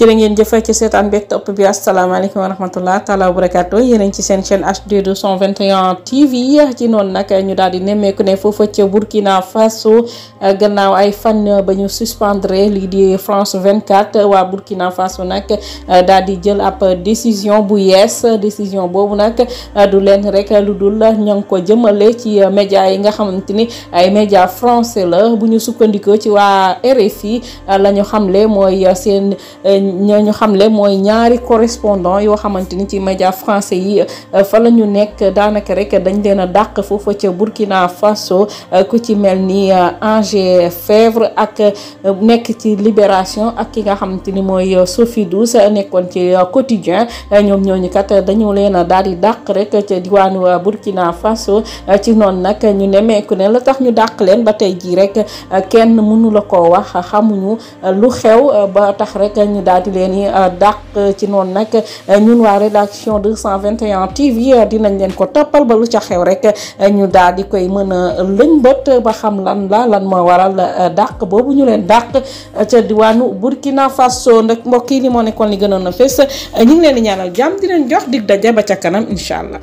jërë ngeen jëfé ci seetaan beeg top bi alaykum wa rahmatullahi taala wa barakatuh yéne ci seen chaîne HD 221 TV ci non nak ñu daal di ku né foofa ca Burkina Faso gannaaw ay fan ba ñu suspendre li di France 24 wa Burkina Faso nak daal di jël ap décision bu yes décision bobu nak du len rek lu dul ña ko jëmele ci média yi nga xamanteni ay média français la bu ñu ci wa RFI la xamlé moy seen ñooñu xamle mooy ñaari correspondant yoo xamante ni ci média français yi euh, fa la ñu nekk daanaka rek dañ leen a dàq foofa ca Burkina Faso euh, ku ci mel ni euh, Angers Fèvre ak nekk ci Libération ak ki nga xamante ni mooy Sophie Douce nekkoon ci quotidien ñoom ñooñu kat dañu leen a daal di dàq rek ca diwaanu Burkina Faso ci noonu nag ñu nemeeku ne la tax ñu dàq leen ba tey jii rek kenn mënu ko wax xamuñu lu xew ba tax rek ñu daal daal di leen euh, dàq ci noonu nag euh, ñun waa rédaction 221 TV euh, dinañ leen ko toppal ba lu ca xew rek ñu daal di koy mën a lëñbët ba xam lan la lan moo waral dàq boobu ñu leen dàq ca diwaanu Burkina Faso nag mbokk yi li moo nekkoon li gënoon a fës ñu ngi leen di ñaanal jàmm di leen jox dig daje ba ca kanam incha allah.